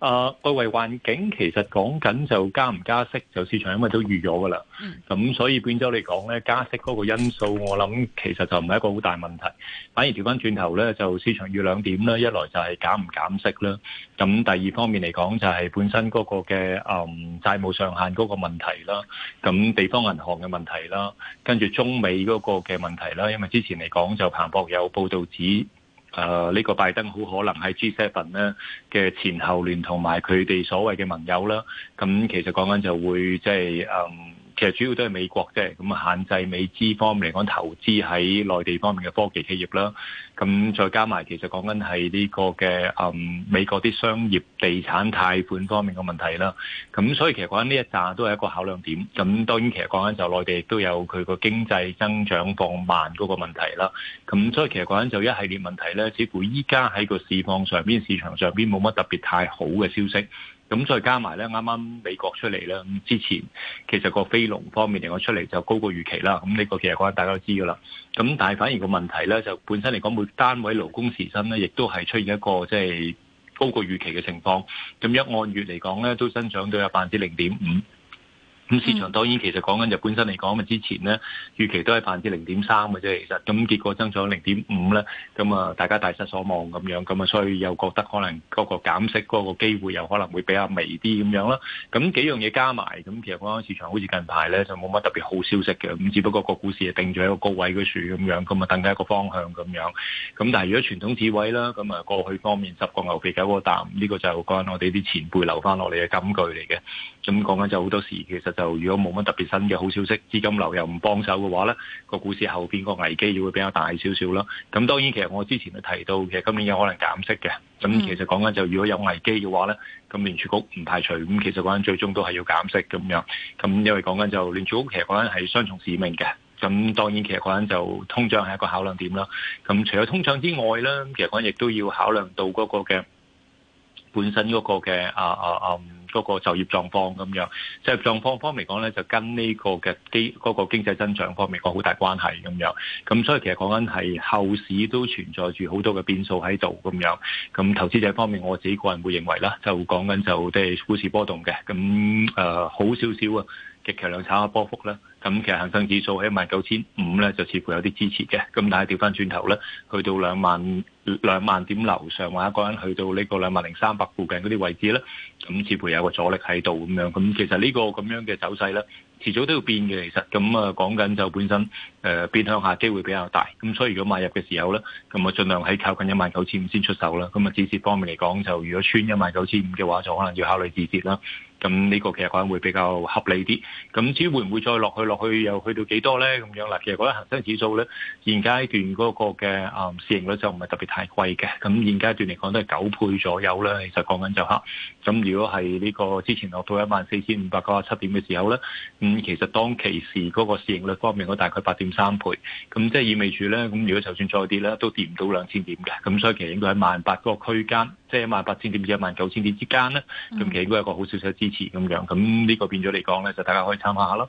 啊、呃，外圍環境其實講緊就加唔加息，就市場因為都預咗㗎啦。咁、嗯、所以變咗嚟講咧，加息嗰個因素，我諗其實就唔係一個好大問題。反而調翻轉頭咧，就市場要兩點啦，一來就係減唔減息啦。咁第二方面嚟講，就係本身嗰個嘅誒、嗯、債務上限嗰個問題啦，咁地方銀行嘅問題啦，跟住中美嗰個嘅問題啦，因為之前嚟講就彭博有報導指。誒、呃、呢、呢個拜登好可能喺 G7 咧嘅前後聯同埋佢哋所謂嘅盟友啦，咁、嗯、其實講緊就會即係誒。嗯其實主要都係美國啫，咁啊限制美資方面嚟講投資喺內地方面嘅科技企業啦。咁再加埋，其實講緊係呢個嘅嗯美國啲商業地產貸款方面嘅問題啦。咁所以其實講緊呢一紮都係一個考量點。咁當然其實講緊就內地亦都有佢個經濟增長放慢嗰個問題啦。咁所以其實講緊就一系列問題咧，似乎依家喺個市況上邊、市場上邊冇乜特別太好嘅消息。咁再加埋咧，啱啱美國出嚟咧，之前其實個非農方面嚟講出嚟就高過預期啦。咁呢個其實大家都知㗎啦。咁但係反而個問題咧，就本身嚟講每單位勞工時薪咧，亦都係出現一個即係高過預期嘅情況。咁一按月嚟講咧，都增長到有百分之零點五。咁、嗯、市場當然其實講緊就本身嚟講，咪之前呢預期都係百分之零點三嘅啫。其實咁結果增長零點五咧，咁啊大家大失所望咁樣，咁啊所以又覺得可能嗰個減息嗰個機會又可能會比較微啲咁樣啦。咁幾樣嘢加埋，咁其實講緊市場好似近排咧就冇乜特別好消息嘅。咁只不過個股市係定咗一個高位嗰處咁樣，咁啊等緊一個方向咁樣。咁但係如果傳統智慧啦，咁啊過去方面十個牛皮九個淡，呢、這個就講緊我哋啲前輩留翻落嚟嘅金句嚟嘅。咁講緊就好多時其實、就。是就如果冇乜特別新嘅好消息，資金流又唔幫手嘅話咧，個股市後邊個危機會比較大少少囉。咁當然其實我之前都提到，其實今年有可能減息嘅。咁其實講緊就如果有危機嘅話咧，咁聯儲局唔排除。咁其實講緊最終都係要減息咁樣。咁因為講緊就聯儲局其實講緊係雙重使命嘅。咁當然其實講緊就通脹係一個考量點啦。咁除咗通脹之外咧，其實講緊亦都要考量到嗰個嘅。本身嗰個嘅啊啊啊嗰、嗯嗰個就業狀況咁樣，就業狀況方面嚟講咧，就跟呢個嘅經嗰個經濟增長方面講好大關係咁樣，咁所以其實講緊係後市都存在住好多嘅變數喺度咁樣，咁投資者方面我自己個人會認為啦，就講緊就即係股市波動嘅，咁誒好少少啊，極其量炒下波幅啦。咁其實恒生指數喺一萬九千五咧，就似乎有啲支持嘅。咁但係調翻轉頭咧，去到兩萬兩萬點樓上或者一個人去到呢個兩萬零三百附近嗰啲位置咧，咁似乎有個阻力喺度咁樣。咁其實、這個、呢個咁樣嘅走勢咧，遲早都要變嘅。其實咁啊，講緊就本身誒、呃、變向下機會比較大。咁所以如果買入嘅時候咧，咁啊儘量喺靠近一萬九千五先出手啦。咁啊，止蝕方面嚟講，就如果穿一萬九千五嘅話，就可能要考慮止蝕啦。咁呢個其實講緊會比較合理啲，咁至於會唔會再落去落去又去到幾多咧？咁樣啦，其實覺得恒生指數咧，現階段嗰個嘅誒市盈率就唔係特別太貴嘅，咁現階段嚟講都係九倍左右啦。其實講緊就嚇，咁如果係呢個之前落到一萬四千五百九十七點嘅時候咧，咁其實當其時嗰個市盈率方面都大概八點三倍，咁即係意味住咧，咁如果就算再跌咧，都跌唔到兩千點嘅，咁所以其實應該喺萬八嗰個區間。即係一萬八千點至一萬九千點之間咧，咁其實應該係一個好少少支持咁樣，咁呢個變咗嚟講咧，就大家可以參考下咯。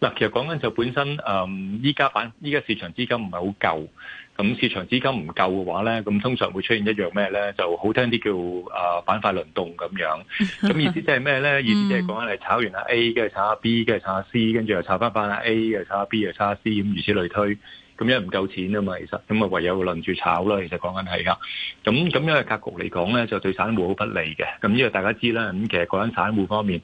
嗱，其實講緊就本身，誒、嗯，依家板依家市場資金唔係好夠，咁市場資金唔夠嘅話咧，咁通常會出現一樣咩咧，就好聽啲叫誒板塊輪動咁樣，咁意思即係咩咧？意思即係講緊係炒完啊 A，跟住炒下 B，跟住炒下 C，跟住又炒翻翻啊 A，又炒下 B，又炒下 C，咁如此類推，咁因為唔夠錢啊嘛，其實說說，咁啊唯有輪住炒啦，其實講緊係噶，咁咁樣嘅格局嚟講咧，就對散戶好不利嘅，咁因為大家知啦，咁其實講緊散戶方面。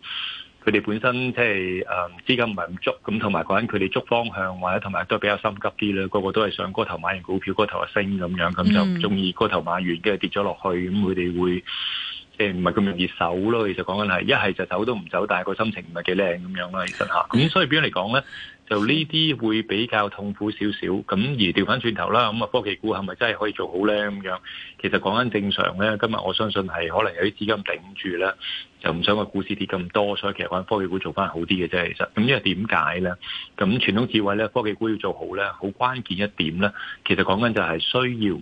佢哋本身即係誒資金唔係咁足，咁同埋講緊佢哋捉方向或者同埋都係比較心急啲啦，個個都係上嗰頭買完股票，嗰頭又升咁樣，咁就唔中意嗰頭買完跟住跌咗落去，咁佢哋會即係唔係咁容易守咯。其實講緊係一係就走都唔走，但係個心情唔係幾靚咁樣啦。其實吓咁所以邊樣嚟講咧？就呢啲會比較痛苦少少，咁而調翻轉頭啦，咁啊科技股係咪真係可以做好咧？咁樣其實講緊正常咧，今日我相信係可能有啲資金頂住啦，就唔想個股市跌咁多，所以其實翻科技股做翻好啲嘅啫。其實咁因為點解咧？咁傳統智慧咧，科技股要做好咧，好關鍵一點咧，其實講緊就係需要。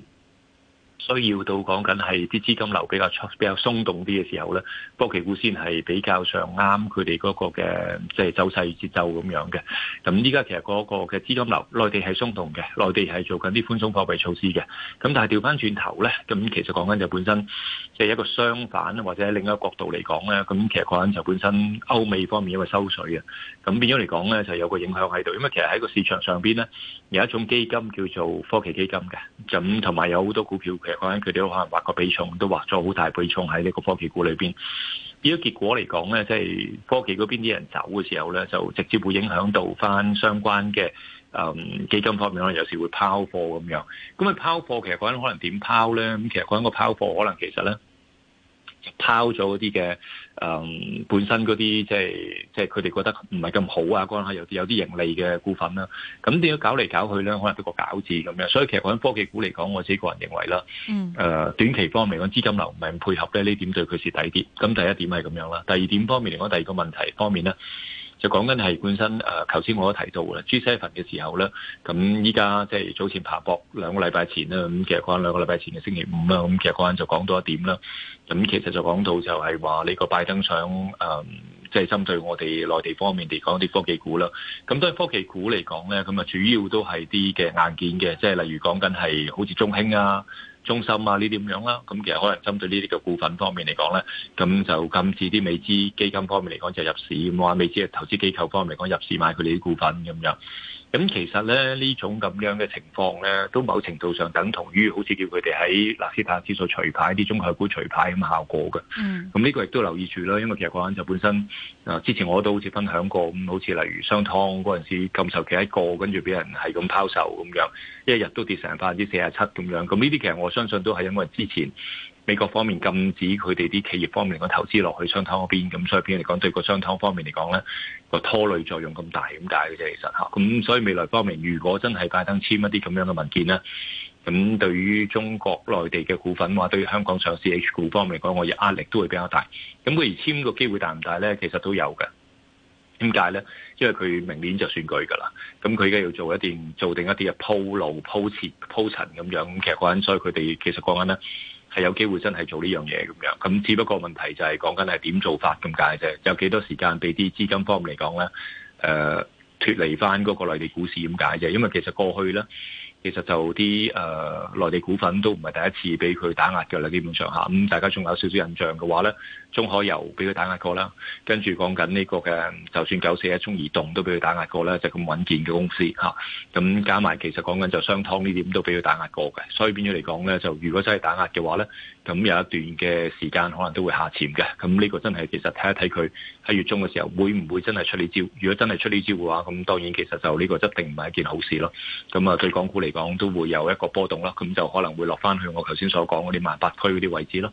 需要到講緊係啲資金流比較比較鬆動啲嘅時候咧，科技股先係比較上啱佢哋嗰個嘅即係走勢節奏咁樣嘅。咁依家其實嗰個嘅資金流內地係鬆動嘅，內地係做緊啲寬鬆貨幣措施嘅。咁但係調翻轉頭咧，咁其實講緊就本身即係一個相反，或者另一個角度嚟講咧，咁其實講緊就本身歐美方面因為收水嘅，咁變咗嚟講咧就有個影響喺度。因為其實喺個市場上邊咧，有一種基金叫做科技基金嘅，咁同埋有好多股票講緊佢哋都可能畫個比重，都畫咗好大比重喺呢個科技股裏邊。如果結果嚟講咧，即係科技嗰邊啲人走嘅時候咧，就直接會影響到翻相關嘅誒基金方面，可能有時會拋貨咁樣。咁啊拋貨，其實講緊可能點拋咧？咁其實講緊個拋貨，可能其實咧。拋咗啲嘅，嗯、呃，本身嗰啲即係即係佢哋覺得唔係咁好啊，嗰下有啲有啲盈利嘅股份啦，咁點樣搞嚟搞去咧，可能都個搞字咁樣，所以其實喺科技股嚟講，我自己個人認為啦，嗯，誒、呃、短期方面嚟講，資金流唔係咁配合咧，呢點對佢蝕底啲，咁第一點係咁樣啦，第二點方面嚟講，第二個問題方面咧。就講緊係本身誒，頭、呃、先我都提到嘅，G7 嘅時候咧，咁依家即係早前爬博兩個禮拜前啦，咁其實講兩個禮拜前嘅星期五啦，咁其實嗰陣就講到一點啦，咁其實就講到就係話呢個拜登想、呃即係針對我哋內地方面嚟講啲科技股啦，咁都係科技股嚟講咧，咁啊主要都係啲嘅硬件嘅，即係例如講緊係好似中興啊、中芯啊呢啲咁樣啦。咁其實可能針對呢啲嘅股份方面嚟講咧，咁就今次啲美資基金方面嚟講就入市，咁話美資投資機構方面嚟講入市買佢哋啲股份咁樣。咁其實咧呢這種咁樣嘅情況咧，都某程度上等同於好似叫佢哋喺納斯達克指數除牌啲中概股除牌咁效果嘅。嗯。咁呢個亦都留意住啦，因為其實嗰陣就本身、呃、之前我都好似分享過咁，好似例如商湯嗰陣時，禁售期一過跟住俾人係咁拋售咁樣，一日都跌成百分之四十七咁樣。咁呢啲其實我相信都係因為之前。美國方面禁止佢哋啲企業方面嘅投資落去商湯嗰邊，咁所以點解嚟講對個商湯方面嚟講咧、呢個拖累作用咁大？咁解嘅啫，其實嚇。咁所以未來方面，如果真係拜登簽一啲咁樣嘅文件咧，咁對於中國內地嘅股份話，對於香港上市 H 股方面嚟講，我嘅壓力都會比較大。咁佢而簽個機會大唔大咧？其實都有嘅。點解咧？因為佢明年就選舉㗎啦。咁佢而家要做一定、做定一啲嘅鋪路、鋪設、鋪陳咁樣。咁其實講緊，所以佢哋其實講緊咧。有機會真係做呢樣嘢咁樣，咁只不過問題就係講緊係點做法咁解啫，有幾多時間俾啲資金方嚟講咧？誒、呃，脫離翻嗰個內地股市咁解啫？因為其實過去咧。其實就啲誒、呃、內地股份都唔係第一次俾佢打壓嘅啦，基本上嚇咁、嗯、大家仲有少少印象嘅話咧，中海油俾佢打壓過啦，跟住講緊呢個嘅就算九四一中移動都俾佢打壓過啦，就咁、是、穩健嘅公司咁、啊嗯、加埋其實講緊就商湯呢點都俾佢打壓過嘅，所以變咗嚟講咧，就如果真係打壓嘅話咧，咁有一段嘅時間可能都會下潛嘅，咁呢個真係其實睇一睇佢喺月中嘅時候會唔會真係出呢招？如果真係出呢招嘅話，咁當然其實就呢個一定唔係一件好事咯。咁啊，對港股嚟嚟講都會有一個波動啦，咁就可能會落翻去我頭先所講嗰啲萬八區嗰啲位置咯。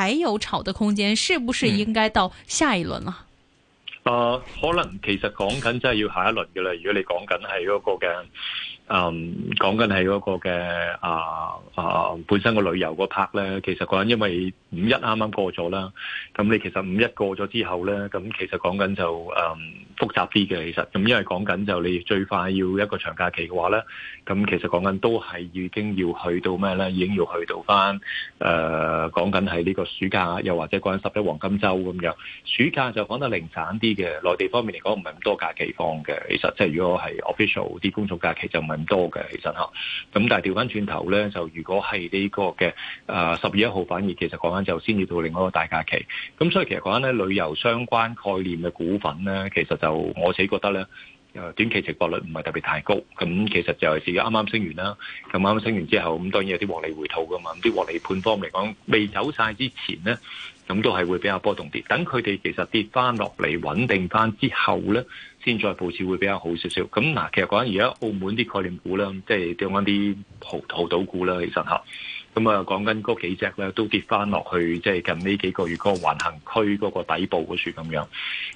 還有炒的空間，是不是應該到下一輪啦？啊嗯，啊，可能其實講緊真係要下一輪噶啦，如果你講緊係嗰個嘅。誒講緊係嗰個嘅啊，啊本身個旅遊嗰 part 咧，其實講緊因為五一啱啱過咗啦，咁你其實五一過咗之後咧，咁其實講緊就誒、是嗯、複雜啲嘅，其實咁因為講緊就你最快要一個長假期嘅話咧，咁其實講緊都係已經要去到咩咧，已經要去到返誒講緊係呢個暑假，又或者講緊十一黃金週咁樣。暑假就講得零散啲嘅，內地方面嚟講唔係咁多假期放嘅，其實即係如果係 official 啲工作假期就唔係。多嘅其實吓咁但係調翻轉頭咧，就如果係呢個嘅誒十月一號反而其實講緊就先至到另外一個大假期，咁所以其實講緊咧旅遊相關概念嘅股份咧，其實就我自己覺得咧。短期直播率唔係特別太高，咁其實就係啱啱升完啦，咁啱啱升完之後，咁當然有啲獲利回吐噶嘛，啲獲利盤方嚟講未走晒之前咧，咁都係會比較波動啲。等佢哋其實跌翻落嚟穩定翻之後咧，先再佈置會比較好少少。咁嗱，其實講緊而家澳門啲概念股啦，即係講啲濠賭股啦，其實咁啊，講緊嗰幾隻咧都跌翻落去，即係近呢幾個月嗰個橫行區嗰個底部嗰處咁樣。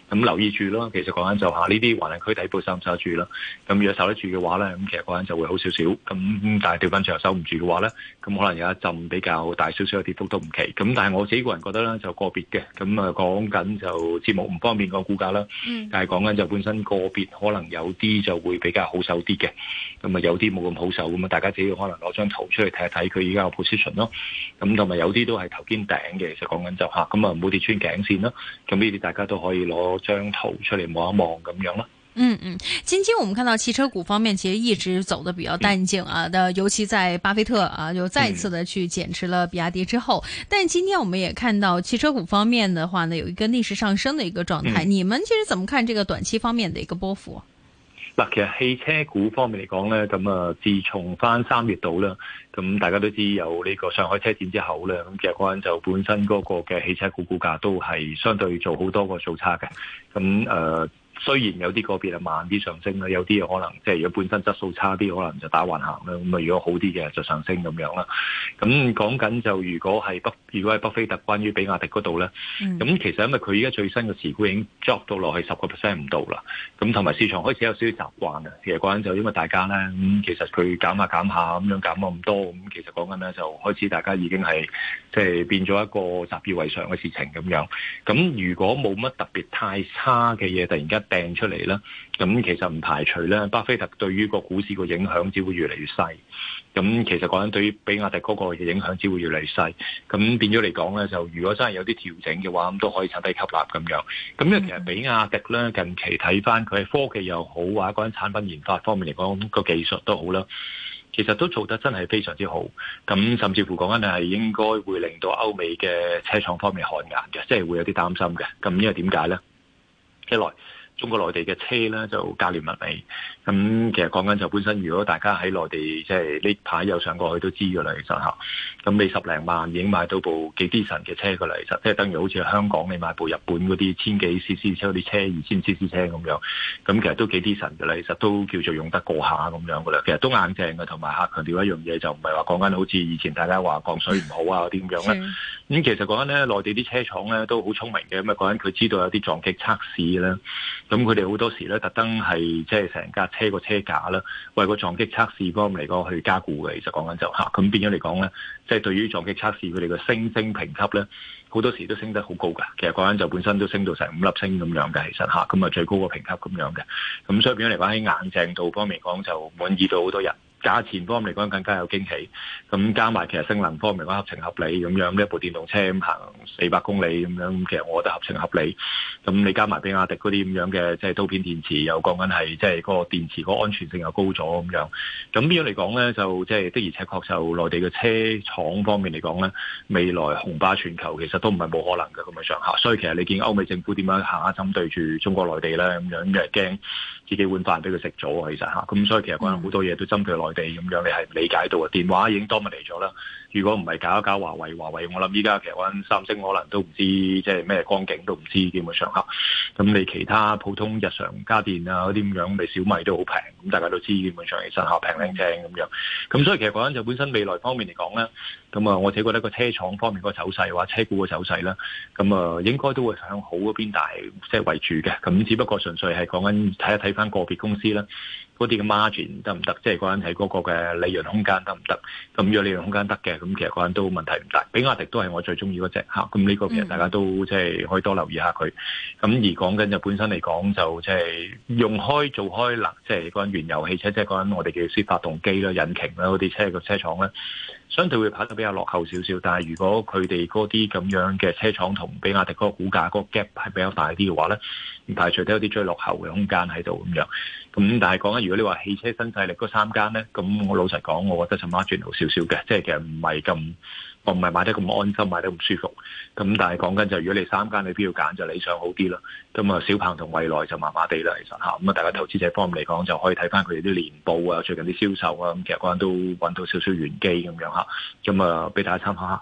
咁留意住咯，其實講緊就話呢啲橫行區底部守唔守得住啦。咁若守得住嘅話咧，咁其實個人就會好少少。咁但係調翻場守唔住嘅話咧，咁可能有一陣比較大少少嘅跌幅都唔奇。咁但係我自己個人覺得咧，就個別嘅。咁啊，講緊就節目唔方便個股價啦。嗯。但係講緊就本身個別可能有啲就會比較好守啲嘅。咁啊，有啲冇咁好守咁啊，大家自己可能攞張圖出嚟睇睇，佢依家咯，咁同埋有啲都係頭肩頂嘅，其實講緊就吓，咁啊冇跌穿頸線咯，咁呢啲大家都可以攞張圖出嚟望一望咁樣咯。嗯嗯，今期我們看到汽車股方面其實一直走得比較淡靜啊，的，尤其在巴菲特啊又再一次的去減持了比亞迪之後，但今天我們也看到汽車股方面的話呢有一個逆勢上升的一個狀態，你們其實怎麼看這個短期方面的一個波幅？嗱，其實汽車股方面嚟講咧，咁啊，自從翻三月度啦，咁大家都知有呢個上海車展之後咧，咁其實嗰陣就本身嗰個嘅汽車股股價都係相對做好多個造差嘅，咁誒。呃雖然有啲個別係慢啲上升啦，有啲可能即係如果本身質素差啲，可能就打橫行啦。咁啊，如果好啲嘅就上升咁樣啦。咁講緊就如果係巴，如果係巴菲特關於比亞迪嗰度咧，咁、嗯、其實因為佢依家最新嘅持股已經 drop 到落去十個 percent 唔到啦。咁同埋市場開始有少少習慣嘅，其實講緊就因為大家咧，咁、嗯、其實佢減下減下咁樣減咗咁多，咁其實講緊咧就開始大家已經係即係變咗一個習以為常嘅事情咁樣。咁如果冇乜特別太差嘅嘢，突然間。定出嚟啦，咁其實唔排除咧，巴菲特對於個股市個影響只會越嚟越細。咁其實講緊對於比亞迪嗰個嘅影響只會越嚟越細。咁變咗嚟講咧，就如果真係有啲調整嘅話，咁都可以趁低吸納咁樣。咁因為其實比亞迪咧近期睇翻佢喺科技又好啊，嗰啲產品研發方面嚟講個技術都好啦，其實都做得真係非常之好。咁甚至乎講緊係應該會令到歐美嘅車廠方面汗顏嘅，即係會有啲擔心嘅。咁因為點解咧？一來中國內地嘅車咧就價廉物美，咁其實講緊就本身，如果大家喺內地即係呢排又上過去都知噶啦，其實吓，咁你十零萬已經買到部幾啲神嘅車噶啦，其實即係等於好似香港你買部日本嗰啲千幾 CC 車，車，啲車二千 CC 車咁樣，咁其實都幾啲神噶啦，其實都叫做用得過下咁樣噶啦，其實都硬正嘅，同埋嚇強調一樣嘢就唔係話講緊好似以前大家話降水唔好啊嗰啲咁樣啦，咁、嗯、其實講緊咧內地啲車廠咧都好聰明嘅，咁啊講緊佢知道有啲撞擊測試啦。咁佢哋好多時咧，特登係即係成架車個車,車架啦，為個撞擊測試方面嚟講去加固嘅。其實講緊就咁、是、變咗嚟講咧，即、就、係、是、對於撞擊測試佢哋個星星評級咧，好多時都升得好高㗎。其實講緊就本身都升到成五粒星咁樣嘅，其實吓，咁啊最高個評級咁樣嘅。咁所以變咗嚟講喺硬淨度方面講就滿意到好多人。價錢方面嚟講更加有驚喜，咁加埋其實性能方面講合情合理咁樣，呢一部電動車咁行四百公里咁樣，其實我覺得合情合理。咁你加埋比亞迪嗰啲咁樣嘅即係刀片電池，又講緊係即係個電池個安全性又高咗咁樣。咁邊樣嚟講咧，就即係的而且確就內地嘅車廠方面嚟講咧，未來雄霸全球其實都唔係冇可能嘅咁嘅上下。所以其實你見歐美政府點樣行啊，針對住中國內地咧咁樣，因為驚自己碗飯俾佢食咗其實嚇。咁所以其實可能好多嘢都針對內。咁樣你係唔理解到啊！電話已經多咪嚟咗啦。如果唔係搞一搞華為，華為我諗依家其實講三星可能都唔知即係咩光景都，都唔知基本上嚇。咁你其他普通日常家電啊嗰啲咁樣，你小米都好平。咁大家都知基本上其實嚇平靚正咁樣。咁所以其實講緊就本身未來方面嚟講咧，咁啊，我自己覺得個車廠方面個走勢話，車股個走勢啦，咁啊應該都會向好嗰邊，但係即係為主嘅。咁只不過純粹係講緊睇一睇翻個別公司啦。嗰啲嘅 margin 得唔得？即係關係嗰個嘅利潤空間得唔得？咁若利潤空間得嘅，咁其實嗰人都問題唔大。比亞迪都係我最鍾意嗰隻嚇。咁呢個其實大家都即係可以多留意下佢。咁而講緊就本身嚟講，就即係用開做開啦，即係關燃油汽車，即係關我哋嘅先發動機啦、引擎啦、嗰啲車嘅車廠咧。相對會跑得比較落後少少，但係如果佢哋嗰啲咁樣嘅車廠同比亞迪嗰個股價嗰個 gap 係比較大啲嘅話咧，唔排除都有啲最落後嘅空間喺度咁樣。咁但係講緊，如果你話汽車新勢力嗰三間咧，咁我老實講，我覺得就 marginal 好少少嘅，即係其實唔係咁。我唔係買得咁安心，買得咁舒服。咁但係講緊就，如果你三間你都要揀，就理想好啲啦。咁啊，小鵬同蔚來就麻麻地啦，其實吓，咁啊，大家投資者方面嚟講，就可以睇翻佢哋啲年報啊，最近啲銷售啊，咁其實個都揾到少少玄機咁樣吓，咁啊，俾大家參考下。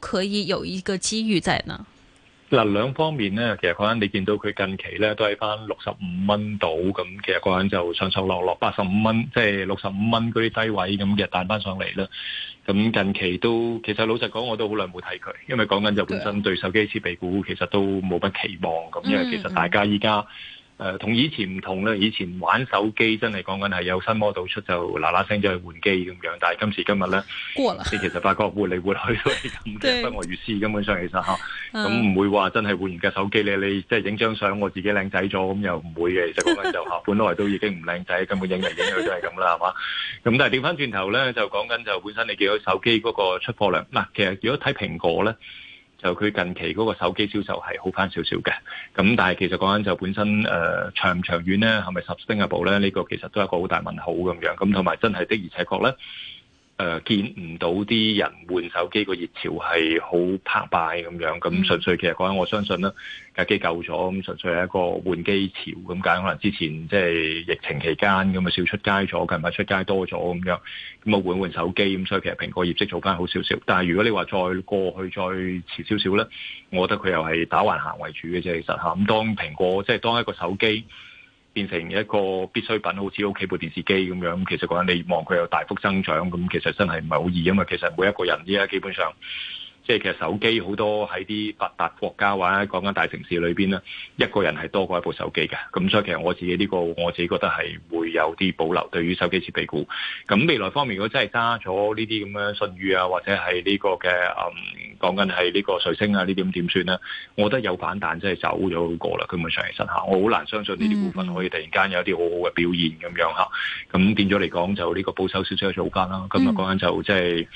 可以有一個機遇在呢。嗱，兩方面咧，其實講緊你見到佢近期咧都係，翻六十五蚊度咁，其實講緊就上上落落八十五蚊，即係六十五蚊嗰啲低位咁嘅，彈翻上嚟啦。咁近期都，其實老實講，我都好耐冇睇佢，因為講緊就本身對手機設備股其實都冇乜期望咁，因為其實大家依家。嗯嗯誒同以前唔同咧，以前玩手機真係講緊係有新 model 出就嗱嗱聲走去換機咁樣，但係今時今日咧，你其實發覺換嚟換去都係咁嘅，不外如斯。根本上其實嚇，咁唔會話真係換完架手機咧，你即係影張相，我自己靚仔咗，咁又唔會嘅。其實講緊就嚇，本來都已經唔靚仔，根本影嚟影去都係咁啦，係嘛？咁但係調翻轉頭咧，就講緊就本身你見到手機嗰個出貨量嗱，其實如果睇蘋果咧。就佢近期嗰個手機銷售係好翻少少嘅，咁但係其實講緊就本身誒、呃、長唔長遠咧，係咪 sustainable 咧？呢、這個其實都係一個好大問號咁樣，咁同埋真係的而且確咧。誒、呃、見唔到啲人換手機個熱潮係好澎湃咁樣，咁純粹其實講，我相信啦，架機舊咗，咁純粹係一個換機潮咁解。可能之前即係疫情期間咁啊少出街咗，近排出街多咗咁樣，咁啊換換手機，咁所以其實蘋果業績做翻好少少。但係如果你話再過去再遲少少咧，我覺得佢又係打橫行為主嘅啫，其實嚇。咁當蘋果即係、就是、當一個手機。變成一個必需品，好似屋企部電視機咁樣。其實講緊你望佢有大幅增長，咁其實真係唔係好易因為，其實每一個人依家基本上，即係其實手機好多喺啲發達國家或者講緊大城市裏邊咧，一個人係多過一部手機嘅。咁所以其實我自己呢個，我自己覺得係會有啲保留對於手機設備股。咁未來方面，如果真係揸咗呢啲咁樣信譽啊，或者係呢個嘅嗯。講緊係呢個瑞星啊，呢點點算咧？我覺得有反彈真係走咗過啦，根本上期上行，我好難相信呢啲股份可以突然間有一啲好好嘅表現咁樣吓。咁、嗯、變咗嚟講就呢個保守少少嘅做家啦。今日講緊就即係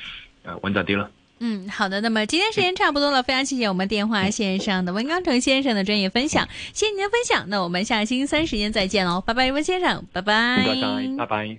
誒穩陣啲啦。嗯，好的。那麼今天時間差唔多啦，非常謝謝我們電話線上的溫鋼城先生嘅專業分享，謝謝您的分享。那我們下星期三時間再見咯，拜拜，溫先生拜拜、嗯，拜拜，拜拜。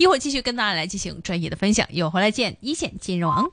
一會兒繼續跟大家來進行專業的分享，一會回來見一線金融王。